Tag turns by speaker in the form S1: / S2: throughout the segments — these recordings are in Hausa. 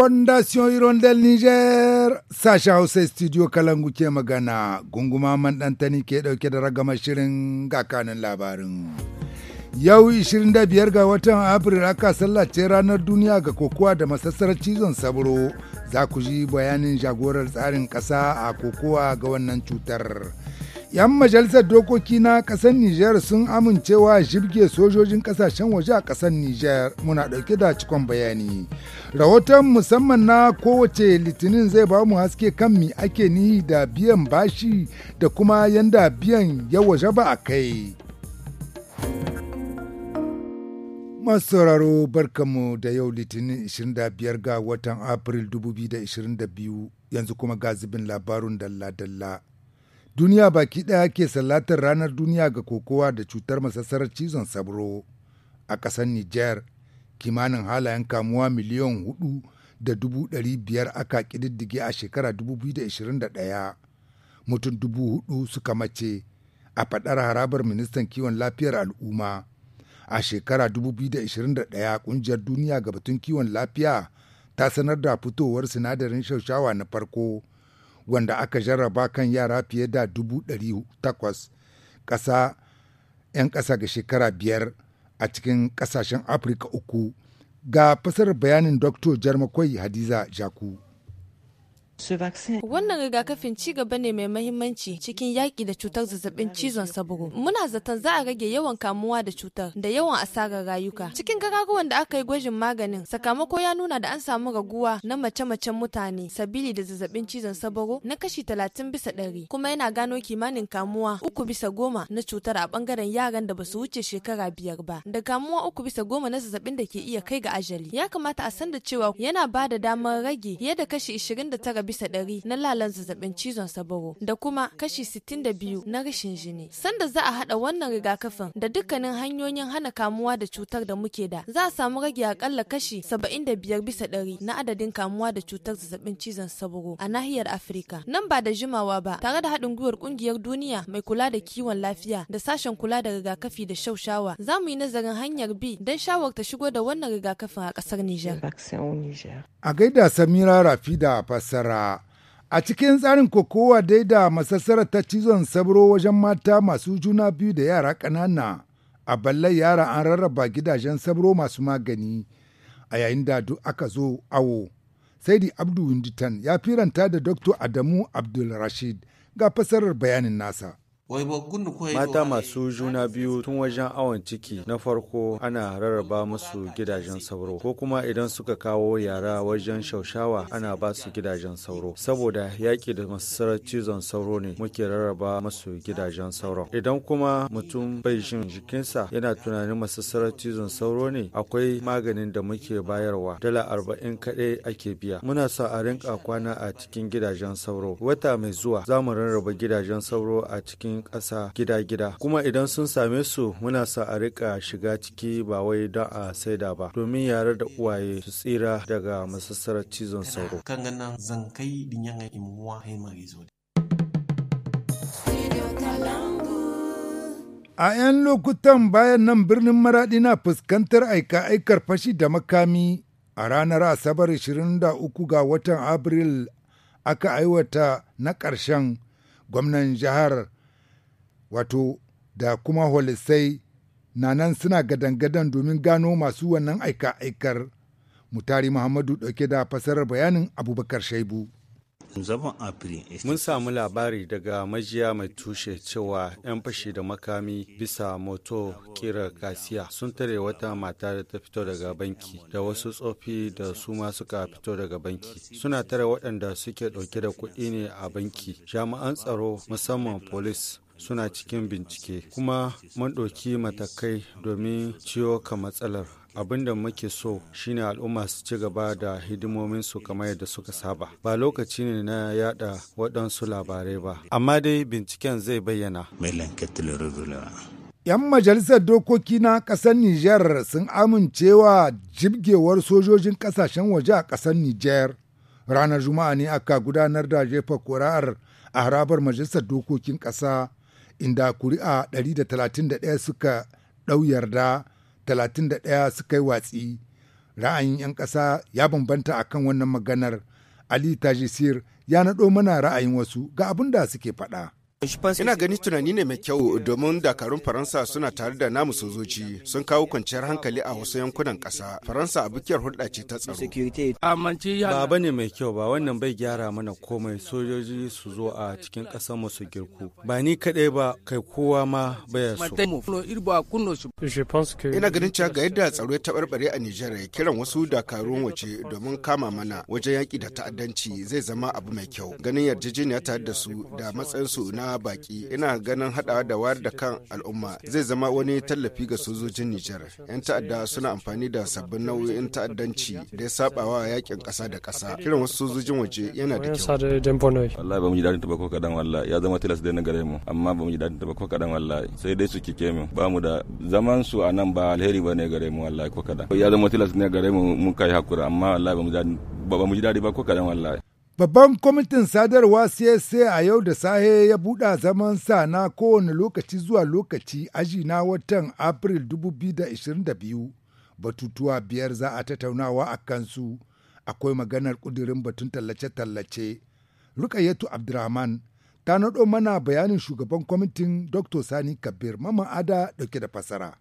S1: fondation hirondel niger sasha hausa studio kalangu ke magana gunguma man dantani ke dauke da ragamar shirin gakanin labarin yau 25 ga watan afril aka sallace ranar duniya ga kokowa da masassarar cizon saburo za ku ji bayanin jagorar tsarin ƙasa a kokowa ga wannan cutar 'yan majalisar dokoki na ƙasar Nijar sun amincewa shirge sojojin kasashen waje a ƙasar Nijar muna ɗauke da cikon bayani. Rahoton musamman na kowace litinin zai ba mu haske kan mi ake ni da biyan bashi da kuma yanda biyan ya waje ba a kai. Masu sauraro barkanmu da yau litinin 25 ga watan Afril 2022 yanzu kuma ga zubin labarun dalla-dalla. Duniya baki ɗaya ke sallatar ranar duniya ga kokowa da cutar masassarar cizon sabro a ƙasar Nijar, kimanin halayen kamuwa miliyan hudu da dubu ɗari biyar aka ƙididdige a shekara 2021 mutum dubu hudu suka mace a faɗar harabar ministan kiwon lafiyar al'umma a shekara 2021 ƙungiyar duniya ga batun kiwon lafiya ta sanar da fitowar sinadarin shaushawa na farko wanda aka jarraba kan yara fiye da dubu ɗari takwas ƙasa 'yan ƙasa ga shekara biyar a cikin ƙasashen afirka uku ga fasar bayanin dr jarmakwai hadiza jaku
S2: Wannan rigakafin ci gaba ne mai mahimmanci cikin yaƙi da cutar zazzabin cizon saboro. Muna zaton za a rage yawan kamuwa da cutar da yawan asarar rayuka. Cikin gararuwan da aka yi gwajin maganin, sakamako ya nuna da an samu raguwa na mace-macen mutane sabili da zazzabin cizon saburo na kashi talatin bisa ɗari. Kuma yana gano kimanin kamuwa uku bisa goma na cutar a bangaren yaran da ba su wuce shekara biyar ba. Da kamuwa uku bisa goma na zazzabin da ke iya kai ga ajali. Ya kamata a san da cewa yana ba da damar rage fiye da kashi 29 bisa ɗari na lalan zazzabin cizon sabaro da kuma kashi sittin da biyu na rashin jini. Sanda za a haɗa wannan rigakafin da dukkanin hanyoyin hana kamuwa da cutar da muke da za a samu rage akalla kashi saba'in da biyar bisa ɗari na adadin kamuwa da cutar zazzabin cizon sabaro a nahiyar Afirka. Nan ba da jimawa ba tare da haɗin gwiwar ƙungiyar duniya mai kula da kiwon lafiya da sashen kula da rigakafi da shaushawa za mu yi nazarin hanyar bi don shawarta shigo da wannan rigakafin a ƙasar Nijar.
S1: A gaida Samira Rafi da fassara A cikin tsarin kokowa dai da masassarar ta cizon sabro wajen mata masu juna biyu da yara ƙanana, a balle yara an rarraba gidajen sabro masu magani a yayin da duk aka zo awo. Saidi Abdu Winditan ya firanta da Dr. Adamu Abdul Rashid ga fasarar bayanin nasa.
S3: Mata masu juna biyu tun wajen awon ciki na farko ana rarraba musu gidajen sauro ko kuma idan suka kawo yara wajen shaushawa ana ba su gidajen sauro saboda yaƙi da masarar cizon sauro ne muke rarraba musu gidajen sauro. Idan kuma mutum bai jin jikinsa yana tunanin masarar cizon sauro ne akwai maganin da muke bayarwa dala arba'in kaɗai ake biya. Muna sa a rinka kwana a cikin gidajen sauro. Wata mai zuwa za mu rarraba gidajen sauro a cikin kasa ƙasa gida-gida kuma idan sun same su muna sa a rika shiga ciki ba wai don a saida ba domin yare da uwaye su tsira daga masassarar cizon sauro.
S1: A 'yan lokutan bayan nan birnin Maraɗi na fuskantar aika-aikar fashi da makami a ranar Asabar 23 ga watan Abril aka aiwata na ƙarshen gwamnan jihar wato da kuma holisai na nan suna gadan-gadan domin gano masu wannan aika-aikar mutari muhammadu dauke da fasarar bayanin abubakar
S3: shaibu Mun samu labari daga majiya mai tushe cewa 'yan fashi da makami bisa moto kira kasiya sun tare wata mata da ta fito daga banki da wasu tsofi da su ma suka fito daga banki. Suna tare waɗanda suke ɗauke da kuɗi ne a banki. Jami'an tsaro musamman polis suna cikin bincike kuma mun ɗauki matakai domin ciwo ka matsalar abin da muke so shine al'umma su ci gaba da hidimomin su kamar yadda suka saba ba lokaci ne na yada waɗansu labarai ba amma dai binciken zai bayyana
S1: 'Yan majalisar dokoki na ƙasar Nijar sun amincewa jibgewar sojojin ƙasashen waje a ƙasar Nijar. Ranar Juma'a ne aka gudanar da jefa ƙuri'ar a harabar majalisar dokokin ƙasa inda kuri'a 131 suka ɗau yarda 31 suka yi watsi ra'ayin 'yan ƙasa ya bambanta kan wannan maganar ali tajisir ya naɗo mana ra'ayin wasu ga abin da suke faɗa.
S4: Ina gani tunani ne mai kyau domin dakarun Faransa suna tare da namu sojoji sun kawo kwanciyar hankali a wasu yankunan kasa Faransa abokiyar hulɗa ce ta tsaro.
S3: Ba ne mai kyau ba wannan bai gyara mana komai sojoji su zo a cikin ƙasar mu girku. Ba ni kaɗai ba
S4: kai kowa ma
S3: baya so.
S5: Ina ganin cewa ga yadda
S4: tsaro ya tabarbare a Nijar kiran wasu dakarun waje domin kama mana wajen yaƙi da ta'addanci zai zama abu mai kyau. Ganin yarjejeniya tare da su da su na baki ina ganin haɗawa da wayar da kan al'umma zai zama wani tallafi ga sojojin Nijar. 'Yan ta'adda suna amfani da sabbin nau'in ta'addanci da ya saba wa yakin ƙasa da ƙasa. Kiran wasu sojojin waje yana da kyau.
S3: Wallahi ba mu ji daɗin taɓa ko kaɗan wallahi ya zama tilas da na gare mu amma ba mu ji daɗin taɓa ko kaɗan wallahi sai dai su kike mu ba mu da zaman su a nan ba alheri ba ne gare mu wallahi ko kaɗan. Ya zama tilas ne gare mu mun kai hakura amma wallahi ba mu ji daɗi ba ko kaɗan wallahi.
S1: Babban kwamitin sadarwa CSA a yau da sahe ya buɗa zaman sa na kowane lokaci zuwa lokaci aji na watan Afril 2022 batutuwa biyar za a tattaunawa a kansu akwai maganar ƙudurin batun tallace-tallace. Rukayyatu Abdurrahman ta naɗo mana bayanin shugaban kwamitin Dr. Sani Kabir Mama Ada ɗauke da fasara.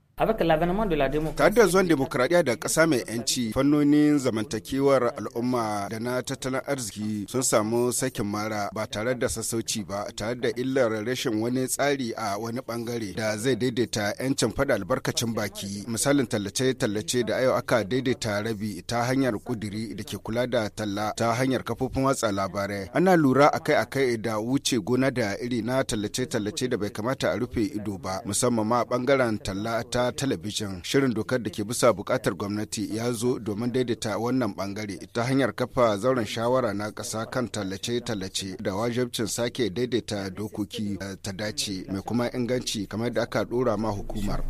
S4: Tare da zuwan demokuraɗiyya da ƙasa mai 'yanci fannonin zamantakewar al'umma da na tattalin arziki sun samu sakin mara ba tare da sassauci ba tare da illar rashin wani tsari a wani bangare da zai daidaita 'yancin faɗa albarkacin baki misalin tallace-tallace da ayo aka daidaita rabi ta hanyar kuduri da ke kula da talla ta hanyar kafofin watsa labarai ana lura akai-akai da wuce gona da iri na tallace-tallace da bai kamata a rufe ido ba musamman ma bangaren talla ta talabijin shirin dokar da ke bisa bukatar gwamnati ya zo domin daidaita wannan bangare ta hanyar kafa zauren shawara na kasa kan tallace-tallace da wajibcin sake daidaita dokoki eh, ta dace mai kuma inganci kamar da aka dora ma hukumar.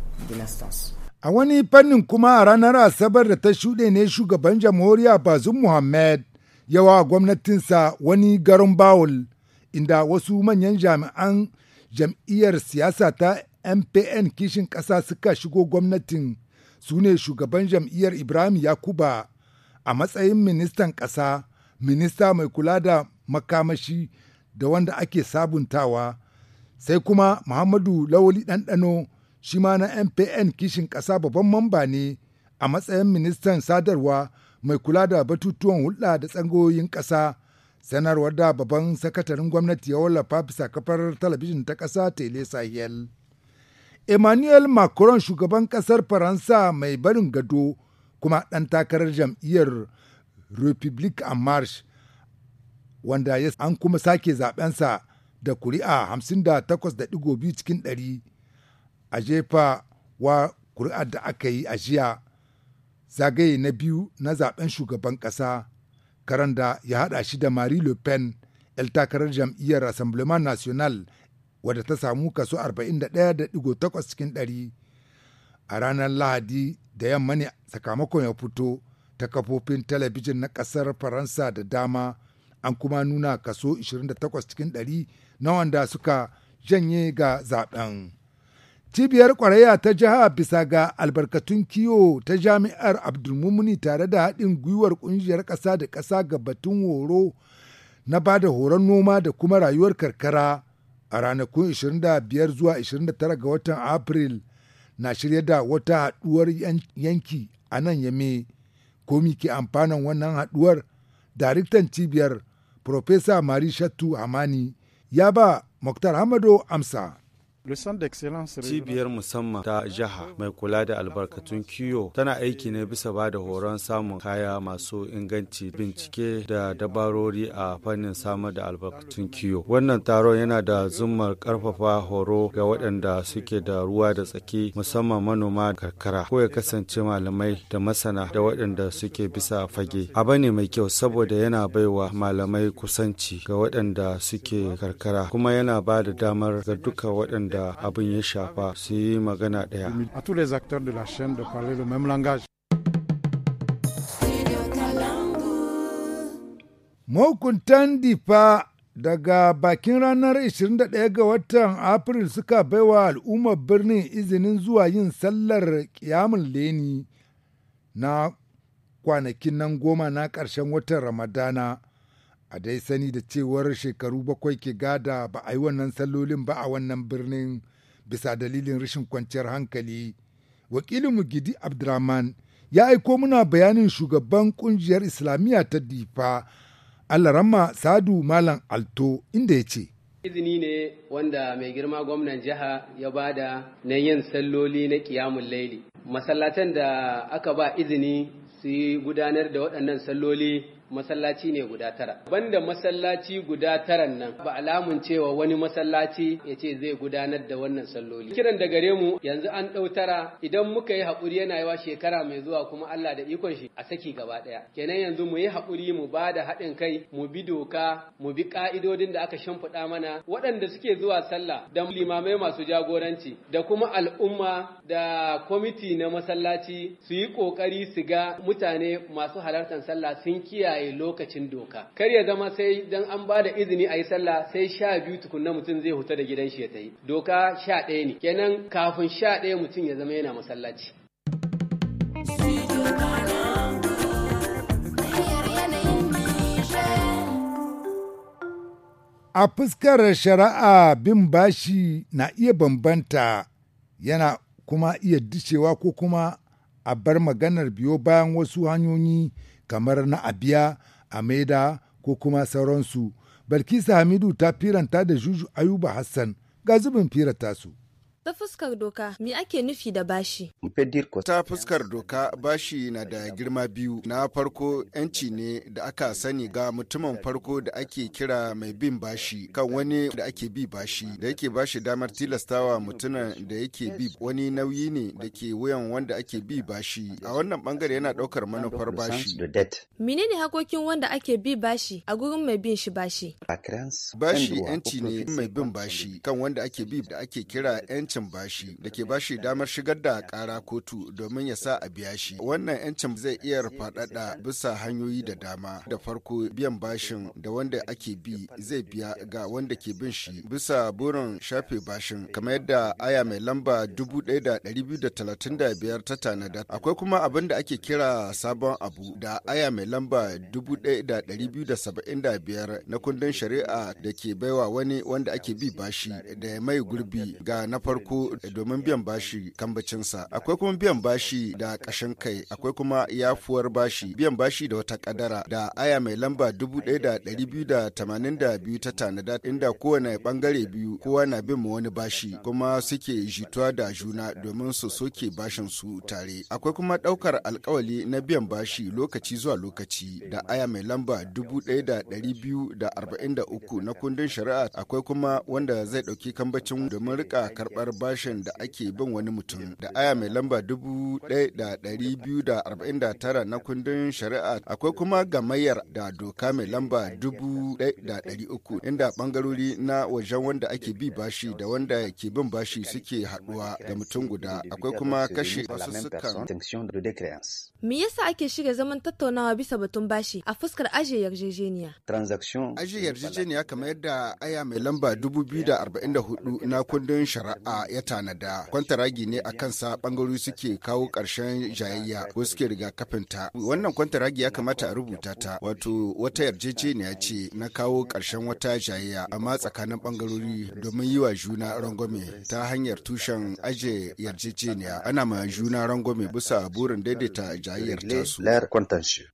S4: A wani
S1: fannin kuma a ranar Asabar da ta shuɗe ne shugaban jamhuriya Bazum muhammed yawa gwamnatinsa wani garin Bawul inda wasu manyan jami'an jam'iyyar siyasa ta mpn kishin ƙasa suka shigo gwamnatin su ne shugaban jam'iyyar ibrahim yakuba a matsayin ministan ƙasa minista mai kula da makamashi da wanda ake sabuntawa sai kuma muhammadu lawali ɗanɗano shi ma na mpn kishin ƙasa babban mamba ne a matsayin ministan sadarwa mai kula da batutuwan hulɗa da tsangoyin ƙasa sanarwar da babban sakataren gwamnati ya wallafa bisa kafar talabijin ta ƙasa tele sahel Emmanuel Macron shugaban ƙasar Faransa mai barin gado kuma ɗan takarar jam'iyyar Republic en March wanda ya an kuma sake zaɓensa da kuri'a 58.2 cikin 100 a jefa wa kuri'ar da aka yi a jiya zagaye na biyu na zaben shugaban ƙasa karanda ya haɗa shi da Marie Le Pen 'yar takarar jam'iyyar Assemblement National wadda ta samu kaso 41.8 cikin 100 a ranar lahadi da yamma ne sakamakon ya fito ta kafofin talabijin na kasar faransa da dama an kuma nuna kaso 28 cikin 100 na wanda suka janye ga zaben. Cibiyar kwaraya ta jiha bisa ga albarkatun kiwo ta jami'ar Abdulmumuni tare da haɗin gwiwar ƙungiyar ƙasa da ƙasa ga batun horo na ba da horon noma da kuma rayuwar karkara a ranakun 25 zuwa 29 ga watan Afril na shirya da wata haɗuwar yanki a nan yame komi ke amfanin wannan haɗuwar daraktan cibiyar Profesa Mari Shattu Hamani ya ba Muktar Hamado amsa.
S3: Cibiyar musamman ta jiha mai kula da albarkatun kiyo tana aiki ne bisa ba da horon samun kaya masu inganci bincike da dabarori a fannin samar da albarkatun kiyo. Wannan taron yana da zumar karfafa horo ga waɗanda suke da ruwa da tsaki musamman manoma karkara ko ya kasance malamai da masana da waɗanda suke bisa fage. Aba ne mai kyau saboda yana baiwa malamai kusanci ga waɗanda suke karkara kuma yana ba da damar ga duka waɗanda da abin ya shafa su yi magana ɗaya. Mahukuntan
S1: difa daga bakin ranar 21 ga watan Afril suka baiwa al'ummar birnin izinin zuwa yin sallar kiyamun leni na kwanakin nan goma na ƙarshen watan Ramadana. a dai sani da cewar shekaru bakwai ke gada ba a yi wannan sallolin ba a wannan birnin bisa dalilin rashin kwanciyar hankali wakilinmu gidi abdulrahman ya aiko muna bayanin shugaban kungiyar islamiyya ta difa alarama sadu malam alto inda ya ce
S5: izini ne wanda mai girma gwamnan jiha ya bada na yin salloli na kiyamun laili masallatan da aka ba izini su gudanar da waɗannan salloli masallaci ne guda tara banda masallaci guda taran nan ba alamun cewa wani masallaci ya ce zai gudanar da wannan salloli kiran da gare mu yanzu an ɗau tara idan muka yi haƙuri yana yawa shekara mai zuwa kuma Allah da ikon shi a saki gaba ɗaya kenan yanzu mu yi haƙuri mu ba da haɗin kai mu bi doka mu bi ƙa'idodin da aka shimfiɗa mana waɗanda suke zuwa sallah da limamai masu jagoranci da kuma al'umma da kwamiti na masallaci su yi ƙoƙari su ga mutane masu halartar sallah sun kiyaye yi lokacin doka kar ya zama sai dan an ba da izini a yi sallah sai sha biyu tukunna mutum zai huta da gidan shi ya ta yi doka sha ɗaya ne kenan kafin sha ɗaya mutum ya zama yana masallaci
S1: A fuskar shari'a bin bashi na iya bambanta yana kuma iya dicewa ko kuma a bar maganar biyo bayan wasu hanyoyi kamar na abiya ameda ko kuma sauransu balkisa hamidu ta firanta da juju ayuba hassan ga zubin firata su
S2: Ta fuskar doka, me ake nufi da bashi?
S4: Ta fuskar doka bashi na da girma biyu. Na farko, 'yanci ne da aka sani ga mutumin farko da ake kira mai bin bashi kan wani da ake bi bashi, da yake bashi damar tilastawa mutumin da yake bi wani nauyi ne da ke wuyan wanda ake bi bashi. A wannan bangare yana ɗaukar manufar bashi.
S2: Menene hakokin wanda ake bi bashi a gurin mai bin shi bashi?
S4: Bashi 'yanci ne mai bin bashi kan wanda ake bi da ake kira 'yanci 'yancin bashi da ke bashi damar shigar da kara kotu domin ya sa a biya shi. Wannan 'yancin zai iya faɗaɗa bisa hanyoyi da dama. Da farko biyan bashin da wanda ake bi zai biya ga wanda ke bin shi bisa burin shafe bashin kamar yadda aya mai lamba 1235 ta tanada. Akwai kuma abin da ake kira sabon abu da aya mai lamba 1275 na kundin shari'a da ke baiwa wani wanda ake bi bashi da mai gurbi ga na farko farko domin biyan bashi kambacinsa akwai kuma biyan bashi da ƙashin kai akwai kuma yafuwar bashi biyan bashi da wata kadara da aya mai lamba 1282 ta tanada inda kowane bangare biyu kowa na bin wani bashi kuma suke jituwa da juna domin su soke bashin su tare akwai kuma ɗaukar alkawali na biyan bashi lokaci zuwa lokaci da aya mai lamba 1243 na kundin shari'a akwai kuma wanda zai ɗauki kambacin domin rika karɓar karyar bashin da ake bin wani mutum da aya mai lamba 1249 na kundin shari'a akwai kuma gamayyar da doka mai lamba 1300 inda bangarori na wajen wanda ake bi bashi da wanda ke bin bashi suke haduwa da mutum guda akwai kuma kashe sukan
S2: Me yasa ake shirya zaman tattaunawa bisa batun bashi a fuskar ajiye yarjejeniya?
S4: Ajiye yarjejeniya kamar yadda aya mai lamba 2044 na kundin shari'a ya tanada kwantaragi ne a kansa bangarori suke kawo ƙarshen jayayya ko suke rigakafin ta wannan kwantaragi ya kamata a rubuta ta wato wata yarjejeniya ce na kawo ƙarshen wata jayayya amma tsakanin bangarori domin yi wa juna rangwame ta hanyar tushen aje yarjejeniya ana ma juna rangwame bisa burin daidaita jayayyar tasu.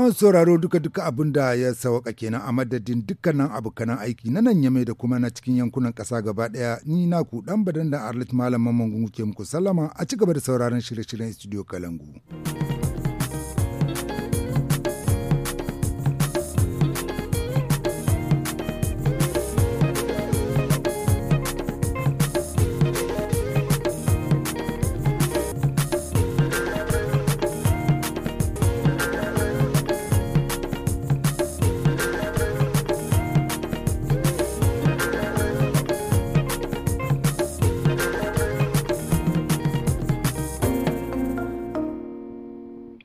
S2: masu
S1: sauraro duka-duka abin da ya sawaka kenan a madadin dukkanin abokanan aiki na nan yame da kuma na cikin yankunan ƙasa gaba ɗaya ni na ku ɗan badan da arlit malam mamman gungu ke muku sallama a ci gaba da sauraron shirye-shiryen studio kalangu.